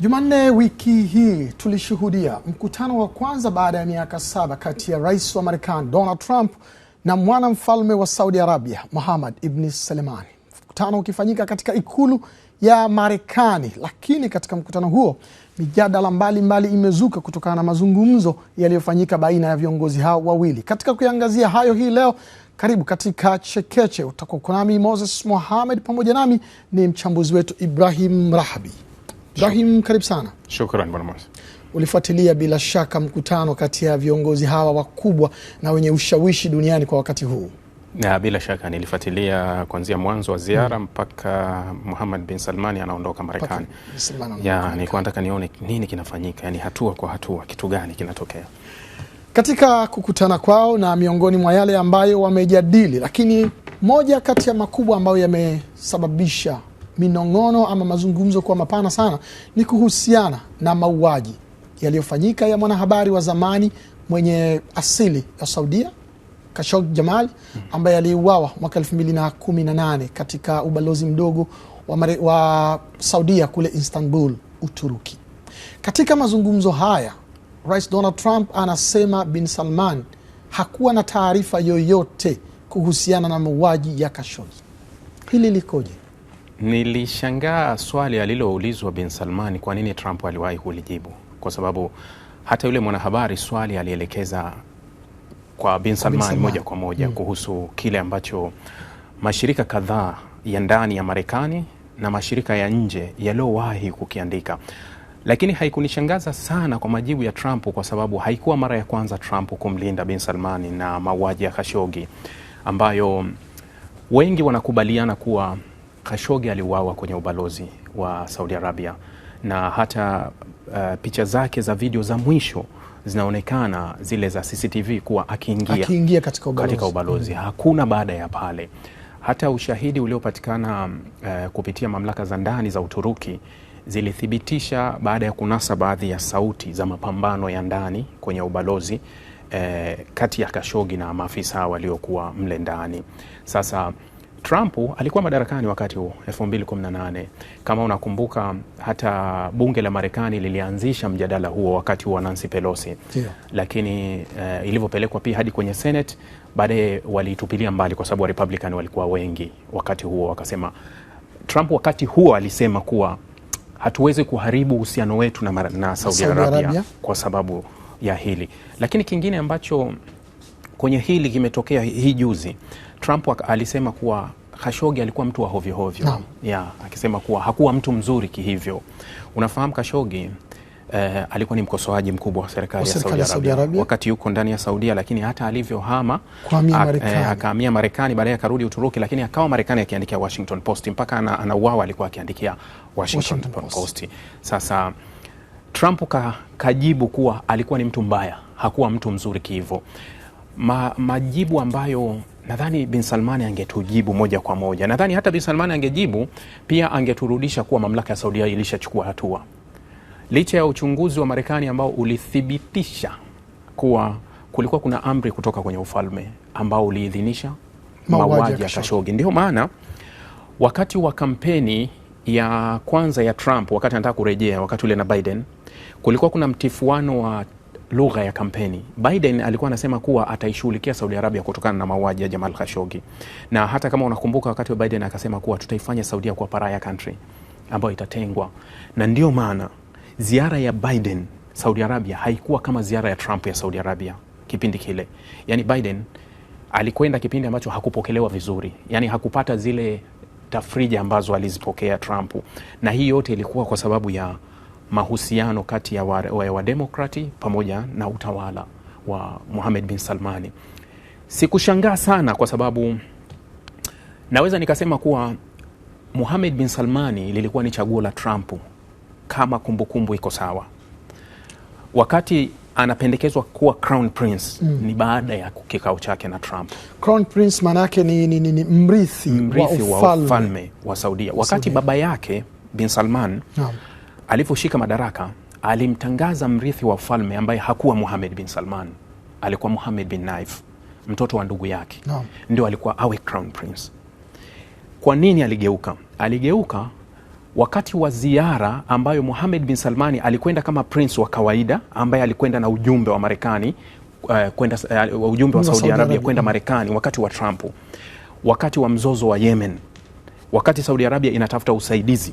Jumanne wiki hii tulishuhudia mkutano wa kwanza baada ya miaka saba kati ya rais wa Marekani Donald Trump na mwanamfalme wa Saudi Arabia Mohammed ibni selemani mkutano ukifanyika katika ikulu ya Marekani. Lakini katika mkutano huo mijadala mbalimbali imezuka kutokana na mazungumzo yaliyofanyika baina ya viongozi hao wawili. Katika kuiangazia hayo hii leo, karibu katika Chekeche, utakuwa nami Moses Mohamed, pamoja nami ni mchambuzi wetu Ibrahim Rahabi. Ibrahim, karibu sana. Shukrani bwana Mwasi. Ulifuatilia bila shaka mkutano kati ya viongozi hawa wakubwa na wenye ushawishi duniani kwa wakati huu. Na bila shaka nilifuatilia kuanzia mwanzo wa ziara hmm, mpaka Muhammad bin Salmani anaondoka Marekani. Nilikuwa nataka nione nini kinafanyika, yani hatua kwa hatua, kitu gani kinatokea katika kukutana kwao, na miongoni mwa yale ambayo wamejadili, lakini moja kati ya makubwa ambayo yamesababisha minong'ono ama mazungumzo kwa mapana sana ni kuhusiana na mauaji yaliyofanyika ya mwanahabari wa zamani mwenye asili ya Saudia Kashog Jamal ambaye aliuawa mwaka 2018 katika ubalozi mdogo wa, mare, wa Saudia kule Istanbul, Uturuki. Katika mazungumzo haya, Rais Donald Trump anasema Bin Salman hakuwa na taarifa yoyote kuhusiana na mauaji ya Kashogi. Hili likoje? Nilishangaa swali aliloulizwa bin Salman, kwa nini Trump aliwahi kulijibu, kwa sababu hata yule mwanahabari swali alielekeza kwa bin Salman, moja kwa moja mm. kuhusu kile ambacho mashirika kadhaa ya ndani ya Marekani na mashirika ya nje yaliyowahi kukiandika, lakini haikunishangaza sana kwa majibu ya Trump kwa sababu haikuwa mara ya kwanza Trump kumlinda bin Salman na mauaji ya Khashoggi ambayo wengi wanakubaliana kuwa Khashoggi aliuawa kwenye ubalozi wa Saudi Arabia na hata uh, picha zake za video za mwisho zinaonekana zile za CCTV kuwa akiingia, akiingia katika ubalozi, katika ubalozi. Mm. Hakuna baada ya pale hata ushahidi uliopatikana uh, kupitia mamlaka za ndani za Uturuki zilithibitisha baada ya kunasa baadhi ya sauti za mapambano ya ndani kwenye ubalozi uh, kati ya Khashoggi na maafisa waliokuwa mle ndani sasa Trump alikuwa madarakani wakati huo 2018. Kama unakumbuka, hata bunge la Marekani lilianzisha mjadala huo wakati huo wa Nancy Pelosi yeah. Lakini uh, ilivyopelekwa pia hadi kwenye Senate baadaye walitupilia mbali kwa sababu wa Republican walikuwa wengi wakati huo, wakasema Trump wakati huo alisema kuwa hatuwezi kuharibu uhusiano wetu na, na Saudi, Saudi Arabia, Arabia kwa sababu ya hili. Lakini kingine ambacho kwenye hili kimetokea hii juzi Trump alisema kuwa Khashoggi alikuwa mtu wa hovyohovyo hovyo. No. Yeah, akisema kuwa hakuwa mtu mzuri kihivyo. Unafahamu Khashoggi eh, alikuwa ni mkosoaji mkubwa wa serikali ya Saudi, Saudi Arabia wakati yuko ndani ya Saudia, lakini hata alivyohama eh, akahamia Marekani, baadaye akarudi Uturuki, lakini akawa Marekani akiandikia Washington Post mpaka anauawa, ana alikuwa akiandikia Washington, Washington Post. Post. Sasa Trump ka, kajibu kuwa alikuwa ni mtu mbaya, hakuwa mtu mzuri kihivyo. Ma, majibu ambayo nadhani bin Salmani angetujibu moja kwa moja. Nadhani hata bin Salmani angejibu pia, angeturudisha kuwa mamlaka ya Saudia ilishachukua hatua, licha ya uchunguzi wa Marekani ambao ulithibitisha kuwa kulikuwa kuna amri kutoka kwenye ufalme ambao uliidhinisha mauaji ya Kashogi. Ndio maana wakati wa kampeni ya kwanza ya Trump, wakati anataka kurejea, wakati ule na Biden, kulikuwa kuna mtifuano wa lugha ya kampeni. Biden alikuwa anasema kuwa ataishughulikia Saudi Arabia kutokana na mauaji ya Jamal Khashoggi, na hata kama unakumbuka wakati wa Biden akasema kuwa tutaifanya Saudia kuwa pariah country ambayo itatengwa, na ndio maana ziara ya Biden Saudi Arabia haikuwa kama ziara ya Trump ya Saudi Arabia kipindi kile. Yani Biden alikwenda kipindi ambacho hakupokelewa vizuri, yani hakupata zile tafrija ambazo alizipokea Trump, na hii yote ilikuwa kwa sababu ya mahusiano kati ya wademokrati wa pamoja na utawala wa Mohamed bin Salmani. Sikushangaa sana kwa sababu naweza nikasema kuwa Mohamed bin Salmani lilikuwa ni chaguo la Trump kama kumbukumbu iko sawa. Wakati anapendekezwa kuwa Crown Prince mm. Ni baada ya kikao chake na Trump. Crown Prince maana yake ni, ni, ni, ni mrithi, mrithi wa ufalme wa, wa Saudia wakati Saudi. Baba yake bin Salman yeah alivyoshika madaraka alimtangaza mrithi wa ufalme ambaye hakuwa Muhammad bin Salman, alikuwa Muhammad bin Naif, mtoto wa ndugu yake no. Ndio alikuwa awe crown prince. Kwa nini aligeuka? Aligeuka wakati wa ziara ambayo Muhammad bin Salmani alikwenda kama prince wa kawaida ambaye alikwenda na ujumbe wa Marekani uh, kwenda uh, ujumbe wa Saudi, Saudi Arabia kwenda Marekani wakati wa Trump, wakati wa mzozo wa Yemen, wakati Saudi Arabia inatafuta usaidizi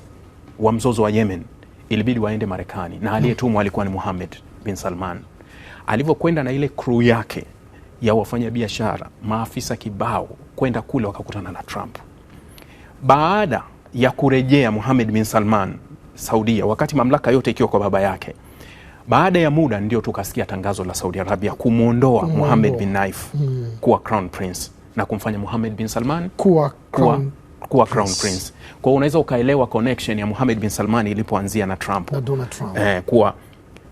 wa mzozo wa Yemen ilibidi waende Marekani na aliyetumwa alikuwa ni muhamed bin Salman. Alivyokwenda na ile crew yake ya wafanyabiashara, maafisa kibao, kwenda kule wakakutana na Trump. Baada ya kurejea muhamed bin Salman Saudia, wakati mamlaka yote ikiwa kwa baba yake, baada ya muda ndio tukasikia tangazo la Saudi Arabia kumwondoa muhamed bin Naif mm. kuwa crown prince na kumfanya muhamed bin Salman kuwa, kuwa kuwa crown yes. prince. Kwa hiyo unaweza ukaelewa connection ya Mohammed bin Salman ilipoanzia na Trump, na Donald Trump. Eh, kuwa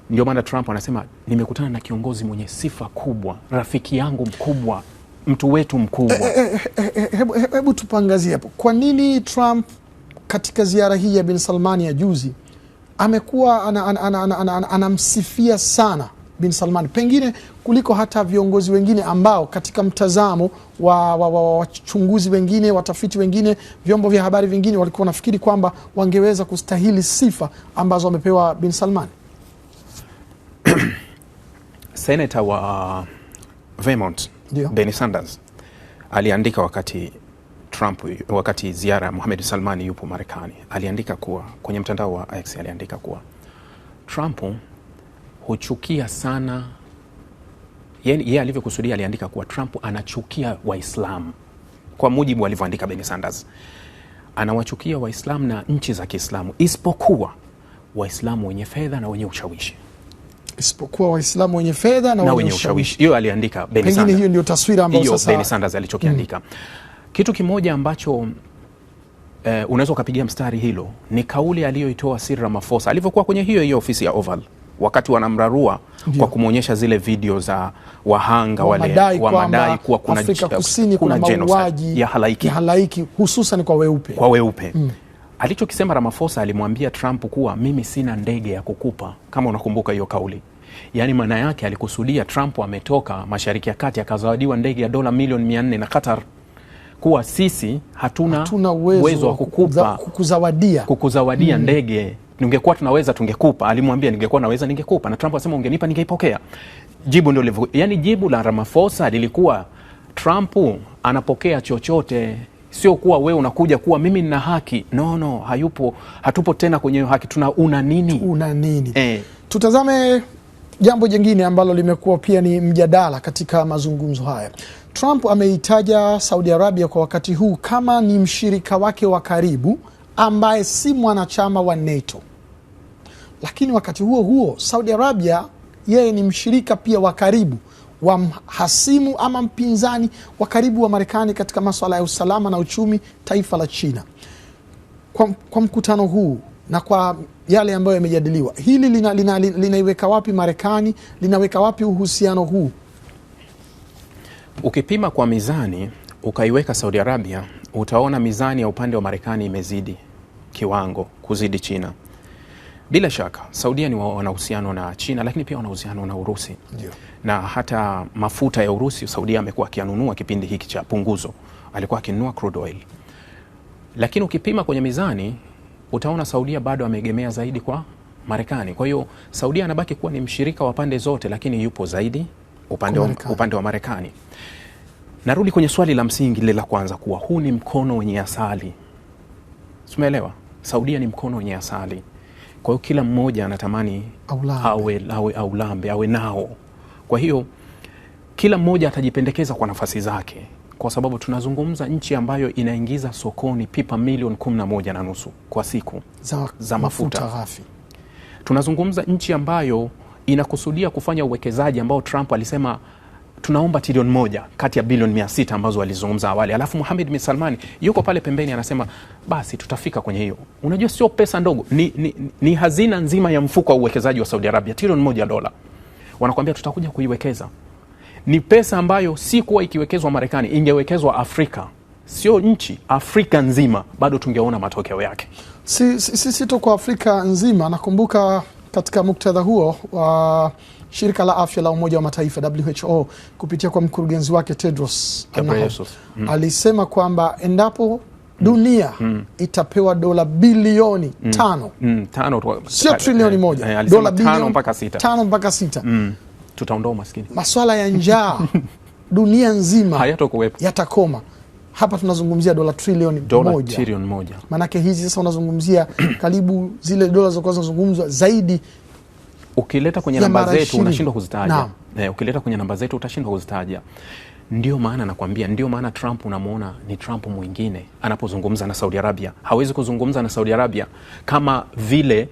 ndio maana Trump anasema nimekutana na kiongozi mwenye sifa kubwa, rafiki yangu mkubwa, mtu wetu mkubwa. Hebu eh, eh, eh, eh, eh, tupangazie hapo, kwa nini Trump katika ziara hii ya bin Salman ya juzi amekuwa anamsifia ana, ana, ana, ana, ana, ana, sana bin Salman, pengine kuliko hata viongozi wengine ambao katika mtazamo wa wachunguzi wa, wa, wengine, watafiti wengine, vyombo vya habari vingine walikuwa wanafikiri kwamba wangeweza kustahili sifa ambazo wamepewa bin Salman? Senata wa Vermont Bernie Sanders aliandika wakati Trump wakati ziara ya Mohamed Salmani yupo Marekani, aliandika kuwa kwenye mtandao wa X aliandika kuwa Trump huchukia sana yeye ye alivyokusudia, aliandika kuwa Trump anachukia Waislamu kwa mujibu alivyoandika Bernie Sanders, anawachukia Waislamu na nchi za Kiislamu isipokuwa Waislamu wenye fedha na wenye ushawishi isipokuwa Waislamu wenye fedha na, na wenye ushawishi. Hiyo aliandika Bernie Sanders, pengine hiyo ndio taswira ambayo sasa Bernie Sanders alichokiandika. Mm. Kitu kimoja ambacho eh, unaweza ukapigia mstari hilo ni kauli aliyoitoa sir Ramaphosa alivyokuwa kwenye hiyo hiyo ofisi ya Oval wakati wanamrarua Ndiyo. kwa kumwonyesha zile video za wahanga wale wa madai kuwa kuna Afrika Kusini kuna, kuna mauaji ya halaiki, ya halaiki hususan kwa weupe, kwa weupe. Mm. Alichokisema Ramaphosa alimwambia Trump kuwa mimi sina ndege ya kukupa, kama unakumbuka hiyo kauli. Yaani maana yake alikusudia Trump ametoka Mashariki ya Kati akazawadiwa ndege ya dola milioni 400 na Qatar kuwa sisi hatuna, hatuna uwezo wa kukupa kukuzawadia, kukuzawadia mm. ndege ningekuwa tunaweza tungekupa, alimwambia ningekuwa naweza ningekupa, na Trump asema ungenipa ningeipokea. Jibu ndio lilivyo, yani jibu la Ramaphosa lilikuwa Trump anapokea chochote, sio kuwa wewe unakuja kuwa mimi nina haki. No, no, hayupo, hatupo tena kwenye hiyo haki. Tuna una nini, una nini? Eh, tutazame jambo jingine ambalo limekuwa pia ni mjadala katika mazungumzo haya. Trump ameitaja Saudi Arabia kwa wakati huu kama ni mshirika wake wa karibu ambaye si mwanachama wa NATO. Lakini wakati huo huo Saudi Arabia yeye ni mshirika pia wa karibu wa hasimu ama mpinzani wa karibu wa Marekani katika maswala ya usalama na uchumi, taifa la China. Kwa, kwa mkutano huu na kwa yale ambayo yamejadiliwa, hili linaiweka lina, lina, lina wapi Marekani, linaweka wapi uhusiano huu? Ukipima kwa mizani ukaiweka Saudi Arabia, utaona mizani ya upande wa Marekani imezidi kiwango kuzidi China. Bila shaka Saudia ni wana uhusiano na China, lakini pia wana uhusiano na Urusi yeah. Na hata mafuta ya Urusi Saudia amekuwa akianunua kipindi hiki cha punguzo, alikuwa akinunua crude oil, lakini ukipima kwenye mizani utaona Saudia bado ameegemea zaidi kwa Marekani. Kwa hiyo Saudia anabaki kuwa ni mshirika wa pande zote, lakini yupo zaidi upande wa, upande wa Marekani. Narudi kwenye swali la msingi lile la kwanza kuwa huu ni mkono wenye asali, umeelewa? Saudia ni mkono wenye asali kwa hiyo kila mmoja anatamani awe, awe, aulambe awe nao. Kwa hiyo kila mmoja atajipendekeza kwa nafasi zake, kwa sababu tunazungumza nchi ambayo inaingiza sokoni pipa milioni kumi na moja na nusu kwa siku za, za mafuta, mafuta ghafi. Tunazungumza nchi ambayo inakusudia kufanya uwekezaji ambao Trump alisema tunaomba trilioni moja kati ya bilioni mia sita ambazo walizungumza awali, alafu muhamed bin salmani yuko pale pembeni anasema basi tutafika kwenye hiyo. Unajua sio pesa ndogo, ni, ni, ni hazina nzima ya mfuko wa uwekezaji wa Saudi Arabia, trilioni moja dola wanakwambia tutakuja kuiwekeza. Ni pesa ambayo si kuwa ikiwekezwa Marekani, ingewekezwa Afrika, sio nchi, Afrika nzima, bado tungeona matokeo yake, si, si, si, si tu kwa Afrika nzima. Nakumbuka katika muktadha huo wa uh Shirika la Afya la Umoja wa Mataifa WHO kupitia kwa mkurugenzi wake Tedros mm. alisema kwamba endapo mm. dunia mm. itapewa dola bilioni mm. tano, mm. sio eh, trilioni moja, eh, dola bilioni tano mpaka sita mm. tutaondoa umaskini. Maswala ya njaa dunia nzima yatakoma. Hapa tunazungumzia dola trilioni moja, maanake hizi sasa unazungumzia karibu zile dola zilizokuwa zinazungumzwa zaidi ukileta kwenye namba zetu unashindwa kuzitaja. na. Eh, ukileta kwenye namba zetu utashindwa kuzitaja. Ndio maana nakwambia, ndio maana Trump unamwona ni Trump mwingine anapozungumza na Saudi Arabia. Hawezi kuzungumza na Saudi Arabia kama vile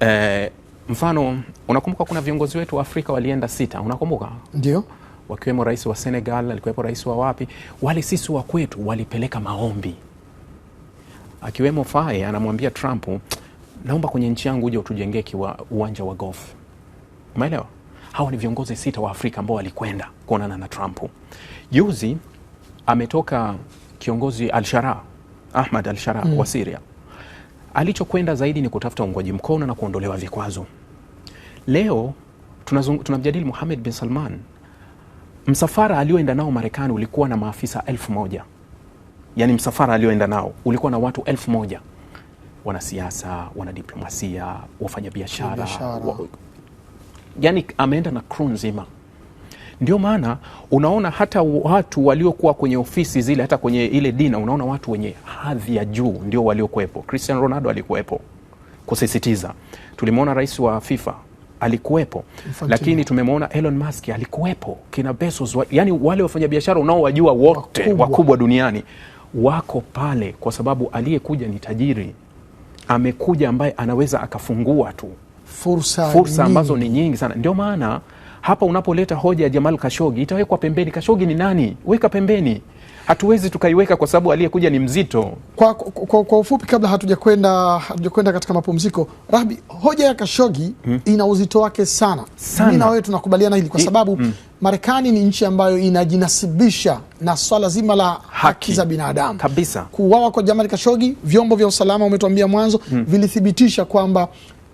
eh, mfano unakumbuka, kuna viongozi wetu wa Afrika walienda sita, unakumbuka? Ndio, wakiwemo rais wa Senegal, alikuwepo rais wa wapi, wale sisi wa kwetu walipeleka maombi, akiwemo Faye anamwambia Trump, naomba kwenye nchi yangu uje utujengee uwanja wa golf Umeelewa? Hawa ni viongozi sita wa Afrika ambao walikwenda kuonana na Trump. Juzi ametoka kiongozi al Ahmad al mm. wa Syria. Alichokwenda zaidi ni kutafuta uungwaji mkono na kuondolewa vikwazo. Leo tunamjadili Muhamed bin Salman. Msafara alioenda nao Marekani ulikuwa na maafisa elfu moja yaani msafara alioenda nao ulikuwa na watu elfu moja wanasiasa, wanadiplomasia, wafanyabiashara yani ameenda na crew nzima. Ndio maana unaona hata watu waliokuwa kwenye ofisi zile, hata kwenye ile dina, unaona watu wenye hadhi ya juu ndio waliokuwepo. Cristiano Ronaldo alikuwepo, kusisitiza. Tulimwona rais wa FIFA alikuwepo, lakini tumemwona Elon Musk alikuwepo, kina Bezos wa, yani wale wafanyabiashara unaowajua wote wakubwa duniani wako pale, kwa sababu aliyekuja ni tajiri, amekuja ambaye anaweza akafungua tu fursa, fursa ambazo ni nyingi sana. Ndio maana hapa unapoleta hoja ya Jamal Kashogi itawekwa pembeni. Kashogi ni nani? Weka pembeni, hatuwezi tukaiweka kwa sababu aliyekuja ni mzito. Kwa, kwa, kwa ufupi, kabla hatujakwenda hatujakwenda katika mapumziko, Rahbi, hoja ya Kashogi hmm, ina uzito wake sana, sana. Mimi na wewe tunakubaliana hili kwa sababu hmm, Marekani ni nchi ambayo inajinasibisha na swala zima la haki, haki za binadamu kabisa. Kuuawa kwa Jamal Kashogi, vyombo vya usalama umetuambia mwanzo, hmm, vilithibitisha kwamba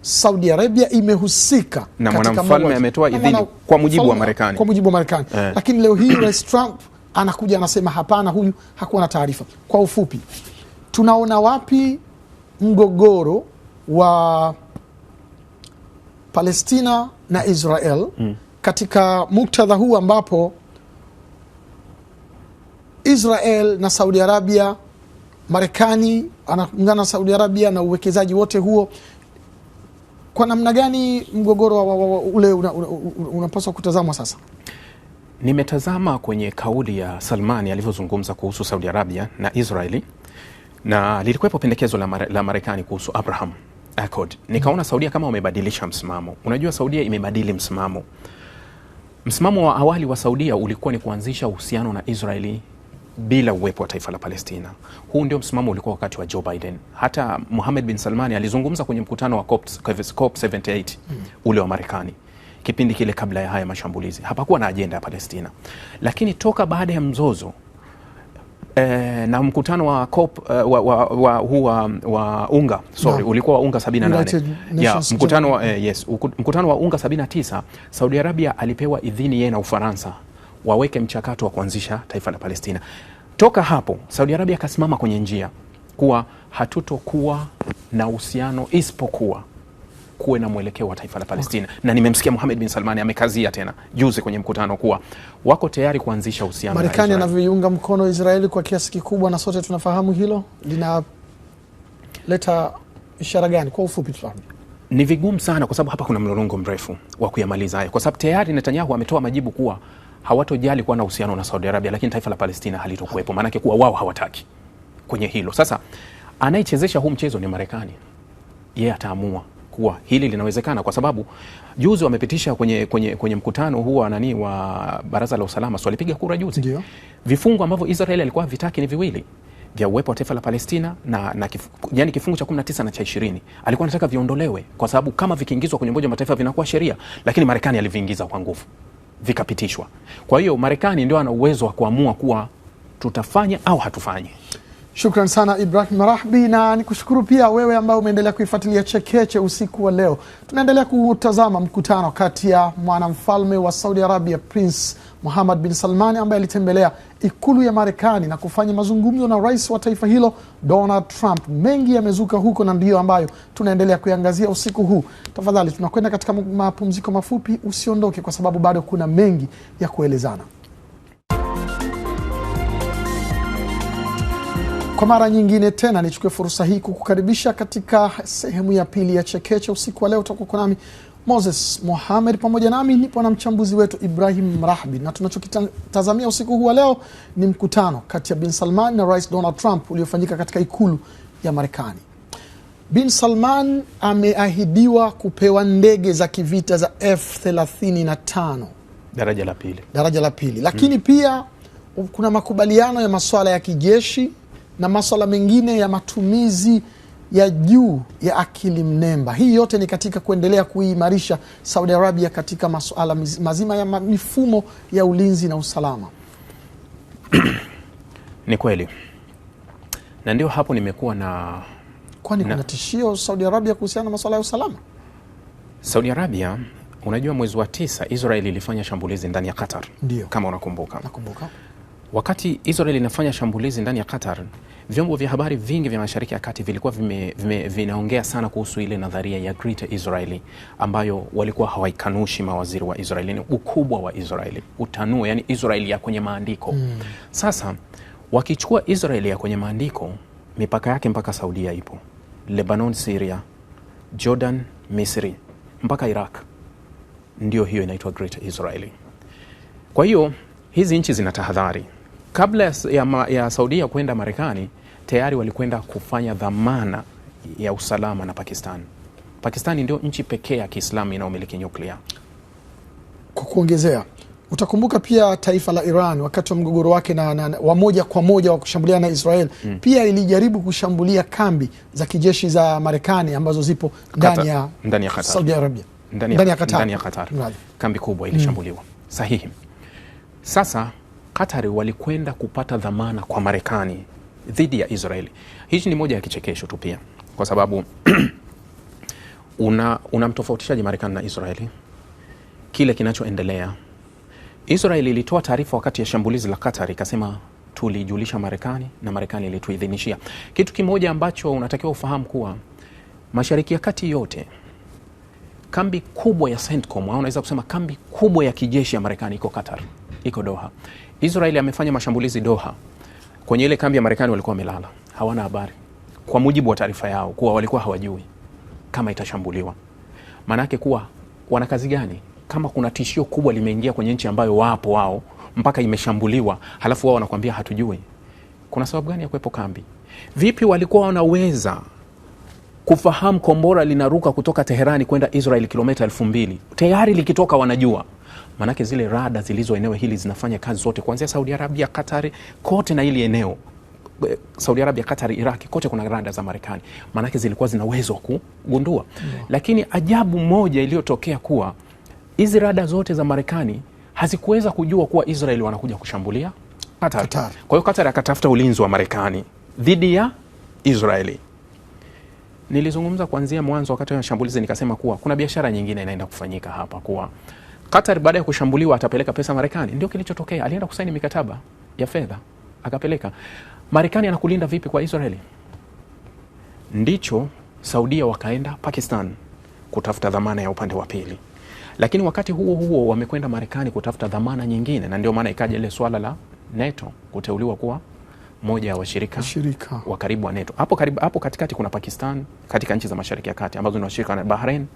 Saudi Arabia imehusika na mwanamfalme ametoa idhini kwa mujibu wa Marekani, kwa mujibu wa Marekani eh. Lakini leo hii Rais Trump anakuja anasema hapana, huyu hakuwa na taarifa. Kwa ufupi, tunaona wapi mgogoro wa Palestina na Israel mm. katika muktadha huu ambapo Israel na Saudi Arabia, Marekani anaungana na Saudi Arabia na uwekezaji wote huo kwa namna gani mgogoro wa, wa, wa, ule unapaswa una, una, kutazamwa sasa? Nimetazama kwenye kauli ya Salmani alivyozungumza kuhusu Saudi Arabia na Israeli na lilikuwepo pendekezo la, mare, la Marekani kuhusu Abraham Accord. Nikaona mm-hmm. Saudia kama wamebadilisha msimamo. Unajua Saudia imebadili msimamo. Msimamo wa awali wa Saudia ulikuwa ni kuanzisha uhusiano na Israeli bila uwepo wa taifa la Palestina. Huu ndio msimamo ulikuwa wakati wa Joe Biden. Hata muhamed bin Salmani alizungumza kwenye mkutano wa COP 78 hmm. ule wa Marekani kipindi kile kabla ya haya mashambulizi, hapakuwa na ajenda ya Palestina, lakini toka baada ya mzozo e, na mkutano wa COP eh, wa, wa, wa, wa, wa unga sorry, no. ulikuwa wa unga 78 yeah, mkutano, eh, yes, mkutano wa unga 79 Saudi Arabia alipewa idhini yeye na Ufaransa waweke mchakato wa kuanzisha taifa la Palestina. Toka hapo Saudi Arabia akasimama kwenye njia kuwa hatutokuwa na uhusiano isipokuwa kuwe na mwelekeo wa taifa la Palestina. Okay. Na nimemsikia muhamed bin Salmani amekazia tena juzi kwenye mkutano kuwa wako tayari kuanzisha uhusiano. Marekani anavyoiunga mkono Israeli kwa kiasi kikubwa, na sote tunafahamu hilo linaleta ishara gani? Kwa ufupi tu Ni vigumu sana, kwa sababu hapa kuna mlolongo mrefu wa kuyamaliza hayo, kwa sababu tayari Netanyahu ametoa majibu kuwa hawatojali kuwa na uhusiano na Saudi Arabia, lakini taifa la Palestina halitokuwepo, maanake kuwa wao hawataki kwenye hilo. Sasa anayechezesha huu mchezo ni Marekani, yeye ataamua kuwa hili linawezekana, kwa sababu juzi wamepitisha kwenye, kwenye, kwenye mkutano huu nani wa baraza la usalama, so walipiga kura juzi? Ndio. vifungo ambavyo Israel alikuwa vitaki ni viwili vya uwepo wa taifa la Palestina na, na kif, yani kifungu cha 19 na cha 20 alikuwa anataka viondolewe, kwa sababu kama vikiingizwa kwenye Umoja wa Mataifa vinakuwa sheria, lakini Marekani aliviingiza kwa nguvu vikapitishwa. Kwa hiyo Marekani ndio ana uwezo wa kuamua kuwa tutafanya au hatufanyi. Shukran sana Ibrahim Rahbi, na nikushukuru pia wewe ambaye umeendelea kuifuatilia Chekeche usiku wa leo. Tunaendelea kutazama mkutano kati ya mwanamfalme wa Saudi Arabia Prince muhamad bin Salmani ambaye alitembelea ikulu ya Marekani na kufanya mazungumzo na rais wa taifa hilo Donald Trump. Mengi yamezuka huko na ndiyo ambayo tunaendelea kuiangazia usiku huu. Tafadhali tunakwenda katika mapumziko mafupi, usiondoke kwa sababu bado kuna mengi ya kuelezana. Kwa mara nyingine tena nichukue fursa hii kukukaribisha katika sehemu ya pili ya Chekeche usiku wa leo. Utakuwa nami Moses Mohamed pamoja nami nipo na mchambuzi wetu Ibrahim Rahbi, na tunachokitazamia usiku huu wa leo ni mkutano kati ya Bin Salman na Rais Donald Trump uliofanyika katika ikulu ya Marekani. Bin Salman ameahidiwa kupewa ndege za kivita za F35 daraja la pili, daraja la pili, hmm. lakini hmm, pia kuna makubaliano ya masuala ya kijeshi na masuala mengine ya matumizi ya juu ya akili mnemba. Hii yote ni katika kuendelea kuimarisha Saudi Arabia katika masuala mazima ya mifumo ya ulinzi na usalama. Ni kweli, na ndio hapo nimekuwa na kwani kuna tishio Saudi Arabia kuhusiana na masuala ya usalama. Saudi Arabia, unajua mwezi wa tisa israel ilifanya shambulizi ndani ya Qatar. Ndiyo. Kama unakumbuka, nakumbuka Wakati Israel inafanya shambulizi ndani ya Qatar, vyombo vya habari vingi vya Mashariki ya Kati vilikuwa vime, vime, vinaongea sana kuhusu ile nadharia ya Greater Israeli ambayo walikuwa hawaikanushi mawaziri wa Israeli, ni ukubwa wa Israeli, utanuo, yani Israeli ya kwenye maandiko mm. Sasa wakichukua Israeli ya kwenye maandiko, mipaka yake mpaka Saudia ipo, Lebanon, Syria, Jordan, Misri mpaka Iraq, ndio hiyo inaitwa Greater Israeli. Kwa hiyo hizi nchi zina tahadhari kabla ya, ma, ya Saudia kwenda Marekani tayari walikwenda kufanya dhamana ya usalama na Pakistan. Pakistani ndio nchi pekee ya Kiislamu inayomiliki nyuklia. Kwa kuongezea, utakumbuka pia taifa la Iran wakati wa mgogoro wake na, na, wa moja kwa moja wa kushambulia na Israel mm. pia ilijaribu kushambulia kambi za kijeshi za Marekani ambazo zipo ndani ya ndani ya Qatar. Saudi Arabia ndani ya Qatar, ndani ya Qatar. Kambi kubwa ilishambuliwa mm. Sahihi. Sasa Katari walikwenda kupata dhamana kwa Marekani dhidi ya Israeli. Hichi ni moja ya kichekesho tu pia, kwa sababu una unamtofautishaje Marekani na Israeli? Kile kinachoendelea Israeli ilitoa taarifa wakati ya shambulizi la Qatar ikasema tulijulisha Marekani na Marekani ilituidhinishia. Kitu kimoja ambacho unatakiwa ufahamu kuwa Mashariki ya Kati yote kambi kubwa ya CENTCOM au unaweza kusema kambi kubwa ya kijeshi ya Marekani iko Qatar, iko Doha. Israeli amefanya mashambulizi Doha, kwenye ile kambi ya Marekani walikuwa wamelala, hawana habari, kwa mujibu wa taarifa yao, kuwa walikuwa hawajui kama itashambuliwa. Maanake kuwa wana kazi gani kama kuna tishio kubwa limeingia kwenye nchi ambayo wapo wao mpaka imeshambuliwa, halafu wao wanakuambia hatujui. Kuna sababu gani ya kuwepo kambi? Vipi walikuwa wanaweza kufahamu kombora linaruka kutoka Teherani kwenda Israel kilometa elfu mbili tayari likitoka wanajua, maanake zile rada zilizo eneo hili zinafanya kazi zote, kuanzia Saudi Arabia, katari kote na hili eneo Saudi Arabia, Qatar, iraki kote kuna rada za Marekani, maanake zilikuwa zina uwezo wa kugundua mm. Lakini ajabu moja iliyotokea kuwa hizi rada zote za Marekani hazikuweza kujua kuwa Israel wanakuja kushambulia Qatar. Kwa hiyo Qatar akatafuta ulinzi wa Marekani dhidi ya Israeli nilizungumza kuanzia mwanzo wakati wa shambulizi nikasema kuwa kuna biashara nyingine inaenda kufanyika hapa, kuwa Qatar baada ya kushambuliwa atapeleka pesa Marekani. Ndio kilichotokea, alienda kusaini mikataba ya fedha akapeleka. Marekani anakulinda vipi kwa Israeli? Ndicho Saudia wakaenda Pakistan kutafuta dhamana ya upande wa pili, lakini wakati huo huo wamekwenda Marekani kutafuta dhamana nyingine, na ndio maana ikaja ile swala la NATO kuteuliwa kuwa moja ya washirika wa karibu wa NATO. Hapo karibu, hapo katikati kuna Pakistan katika nchi za Mashariki ya Kati ambazo ni washirika na Bahrain.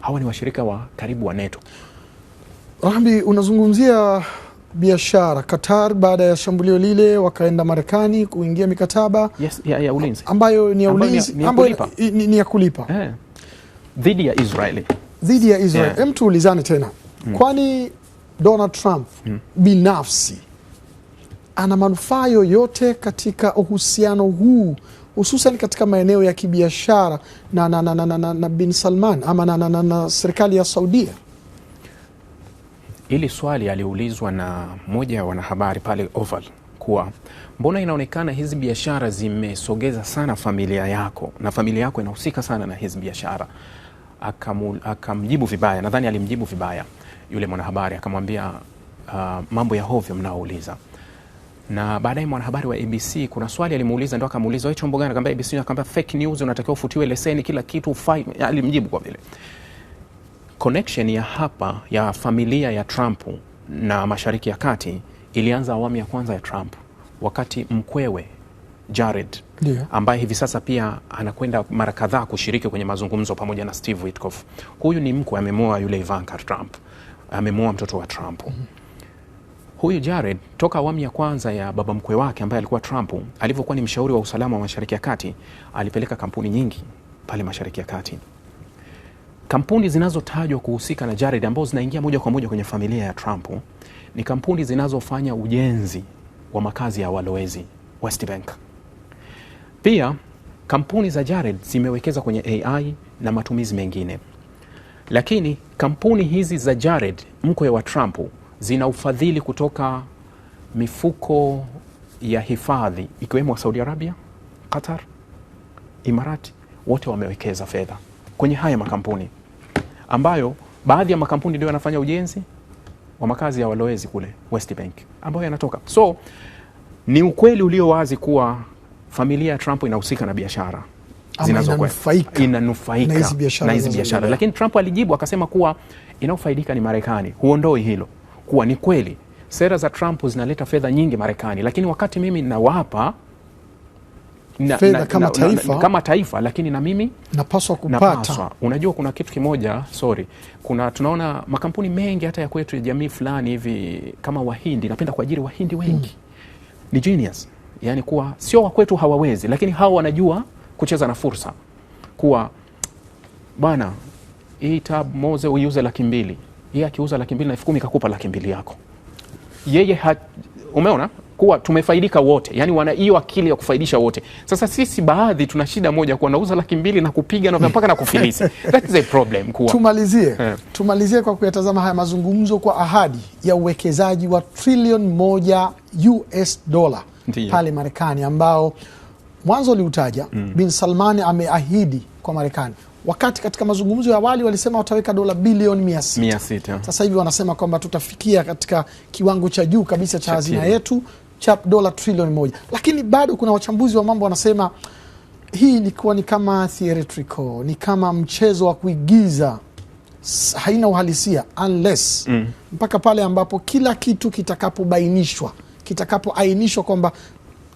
Hawa ni washirika wa karibu wa NATO. Rahbi, unazungumzia biashara. Qatar baada ya shambulio lile wakaenda Marekani kuingia mikataba yes, ya, ya ulinzi ambayo ni ya ulinzi ambayo ni ya kulipa eh, dhidi ya Israeli dhidi ya Israel. Hem, tuulizane tena, mm. kwani Donald Trump mm. binafsi ana manufaa yoyote katika uhusiano huu hususan katika maeneo ya kibiashara na, na, na, na, na, na, na bin Salman ama na, na, na, na serikali ya Saudia? Hili swali aliulizwa na mmoja ya wanahabari pale Oval kuwa mbona inaonekana hizi biashara zimesogeza sana familia yako na familia yako inahusika sana na hizi biashara. Akamjibu aka vibaya, nadhani alimjibu vibaya yule mwanahabari, akamwambia uh, mambo ya hovyo mnaouliza na baadaye mwanahabari wa ABC kuna swali alimuuliza, ndo akamuuliza wewe chombo gani? Akamwambia ABC. Akamwambia fake news, unatakiwa ufutiwe leseni, kila kitu ufai. Alimjibu kwa vile connection ya hapa ya familia ya Trump na Mashariki ya Kati ilianza awamu ya kwanza ya Trump wakati mkwewe Jared yeah, ambaye hivi sasa pia anakwenda mara kadhaa kushiriki kwenye mazungumzo pamoja na Steve Witkoff. Huyu ni mkwe, amemoa yule Ivanka Trump, amemoa mtoto wa Trump mm -hmm. Huyu Jared toka awamu ya kwanza ya baba mkwe wake ambaye alikuwa Trump, alivyokuwa ni mshauri wa usalama wa Mashariki ya Kati, alipeleka kampuni nyingi pale Mashariki ya Kati. Kampuni zinazotajwa kuhusika na Jared ambazo zinaingia moja kwa moja kwenye familia ya Trump ni kampuni zinazofanya ujenzi wa makazi ya walowezi West Bank. Pia kampuni za Jared zimewekeza kwenye AI na matumizi mengine, lakini kampuni hizi za Jared, mkwe wa Trump zina ufadhili kutoka mifuko ya hifadhi ikiwemo Saudi Arabia, Qatar, Imarati, wote wamewekeza fedha kwenye haya makampuni ambayo baadhi ya makampuni ndio yanafanya ujenzi wa makazi ya walowezi kule West Bank ambayo yanatoka. So ni ukweli ulio wazi kuwa familia ya Trump inahusika na biashara zinazonufaika inanufaika na hizi biashara, lakini Trump alijibu akasema kuwa inaofaidika ni Marekani. Huondoi hilo kuwa ni kweli sera za Trump zinaleta fedha nyingi Marekani, lakini wakati mimi nawapa na, na, kama, na, taifa, na, kama taifa lakini na mimi napaswa kupata napaswa. Unajua, kuna kitu kimoja sorry, kuna tunaona makampuni mengi hata ya kwetu ya jamii fulani hivi kama Wahindi, napenda kuajiri Wahindi wengi mm. ni genius, yani kuwa sio wakwetu hawawezi, lakini hawa wanajua kucheza na fursa, kuwa bwana hii tab moze uiuze laki mbili yeye akiuza laki mbili na elfu kumi kakupa laki mbili yako yeye ha, umeona kuwa tumefaidika wote, yani wana hiyo akili ya kufaidisha wote. Sasa sisi baadhi tuna shida moja kuwa nauza laki mbili na kupiga na mpaka na kufilisi. That is a problem kuwa. Tumalizie, yeah. Tumalizie kwa kuyatazama haya mazungumzo kwa ahadi ya uwekezaji wa trillion moja US dola pale Marekani ambao mwanzo uliutaja mm. Bin Salmani ameahidi kwa Marekani wakati katika mazungumzo ya awali walisema wataweka dola bilioni mia sita. Sasa hivi wanasema kwamba tutafikia katika kiwango cha juu kabisa cha hazina yetu cha dola trilioni moja, lakini bado kuna wachambuzi wa mambo wanasema hii ilikuwa ni kama theatrical, ni kama mchezo wa kuigiza, haina uhalisia unless mm, mpaka pale ambapo kila kitu kitakapobainishwa, kitakapoainishwa kwamba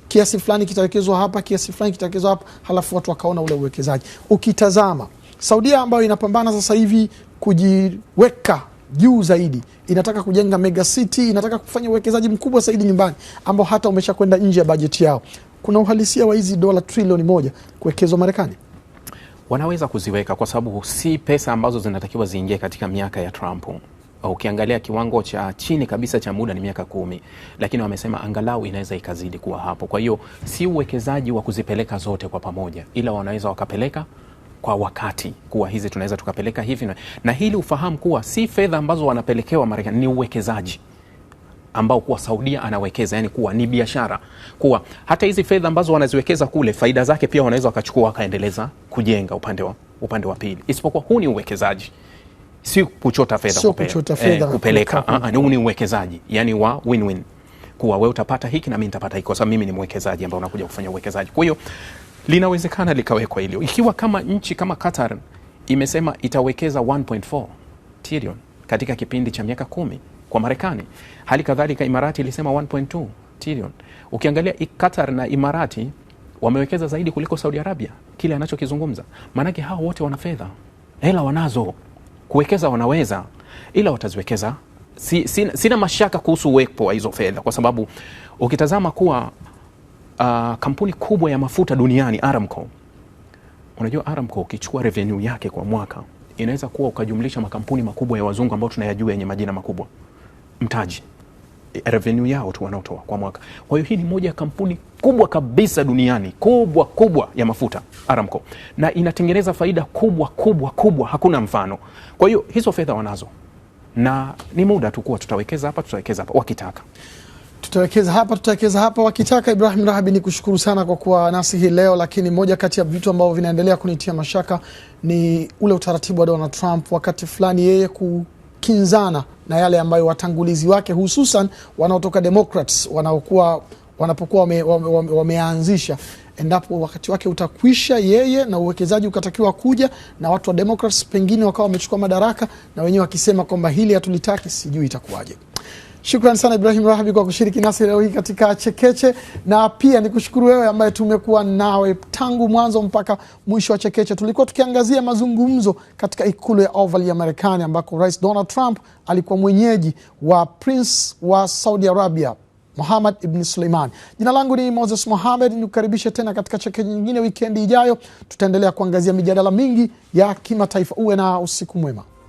kiasi fulani kitawekezwa hapa, kiasi fulani kitawekezwa hapa, halafu watu wakaona ule uwekezaji ukitazama Saudia ambayo inapambana sasa hivi kujiweka juu zaidi, inataka kujenga mega city, inataka kufanya uwekezaji mkubwa zaidi nyumbani ambao hata umeshakwenda nje ya bajeti yao. Kuna uhalisia wa hizi dola trilioni moja kuwekezwa Marekani? Wanaweza kuziweka kwa sababu si pesa ambazo zinatakiwa ziingie katika miaka ya Trump. Ukiangalia kiwango cha chini kabisa cha muda ni miaka kumi, lakini wamesema angalau inaweza ikazidi kuwa hapo. Kwa hiyo si uwekezaji wa kuzipeleka zote kwa pamoja, ila wanaweza wakapeleka kwa wakati kuwa hizi tunaweza tukapeleka hivi na, na hili ufahamu kuwa si fedha ambazo wanapelekewa Marekani, ni uwekezaji ambao kuwa Saudia anawekeza, yani kuwa ni biashara, kuwa hata hizi fedha ambazo wanaziwekeza kule faida zake pia wanaweza wakachukua wakaendeleza kujenga upande wa, upande wa pili, isipokuwa huu ni uwekezaji si kuchota fedha so kuchota eh, kupeleka ah, ah, huu ni uwekezaji yani wa win-win kuwa wewe utapata hiki na mimi nitapata hiki, kwa sababu mimi ni mwekezaji ambaye unakuja kufanya uwekezaji. Kwa hiyo linawezekana likawekwa hilo, ikiwa kama nchi kama Qatar imesema itawekeza 1.4 trilioni katika kipindi cha miaka kumi kwa Marekani. Hali kadhalika Imarati ilisema 1.2 trilioni. Ukiangalia Qatar na Imarati wamewekeza zaidi kuliko Saudi Arabia kile anachokizungumza, maanake hao wote wana fedha, hela wanazo, kuwekeza wanaweza, ila wataziwekeza. Si, sina, sina mashaka kuhusu uwepo wa hizo fedha kwa sababu ukitazama kuwa uh, kampuni kubwa ya mafuta duniani Aramco. Unajua Aramco ukichukua revenue yake kwa mwaka inaweza kuwa ukajumlisha makampuni makubwa ya wazungu ambao tunayajua yenye majina makubwa, mtaji revenue yao tu wanaotoa kwa mwaka. Kwa hiyo hii ni moja ya kampuni kubwa kabisa duniani, kubwa kubwa ya mafuta Aramco, na inatengeneza faida kubwa kubwa kubwa, hakuna mfano. Kwa hiyo hizo fedha wanazo, na ni muda tu kuwa tutawekeza hapa, tutawekeza hapa wakitaka tutawekeza hapa, tutawekeza hapa wakitaka. Ibrahim Rahabi, ni kushukuru sana kwa kuwa nasi hii leo, lakini moja kati ya vitu ambavyo vinaendelea kunitia mashaka ni ule utaratibu wa Donald Trump wakati fulani yeye kukinzana na yale ambayo watangulizi wake hususan wanaotoka Democrats wanaokuwa wanapokuwa wame, wame, wameanzisha endapo wakati wake utakwisha yeye na uwekezaji ukatakiwa kuja na watu wa Democrats pengine wakawa wamechukua madaraka na wenyewe wakisema kwamba hili hatulitaki, sijui itakuwaje. Shukran sana Ibrahim Rahabi kwa kushiriki nasi leo hii katika Chekeche, na pia ni kushukuru wewe ambaye tumekuwa nawe tangu mwanzo mpaka mwisho wa Chekeche. Tulikuwa tukiangazia mazungumzo katika ikulu ya Oval ya Marekani, ambako Rais Donald Trump alikuwa mwenyeji wa Prince wa Saudi Arabia Muhammad Ibn Suleiman. Jina langu ni Moses muhamed nikukaribishe tena katika Chekeche nyingine wikendi ijayo. Tutaendelea kuangazia mijadala mingi ya kimataifa. Uwe na usiku mwema.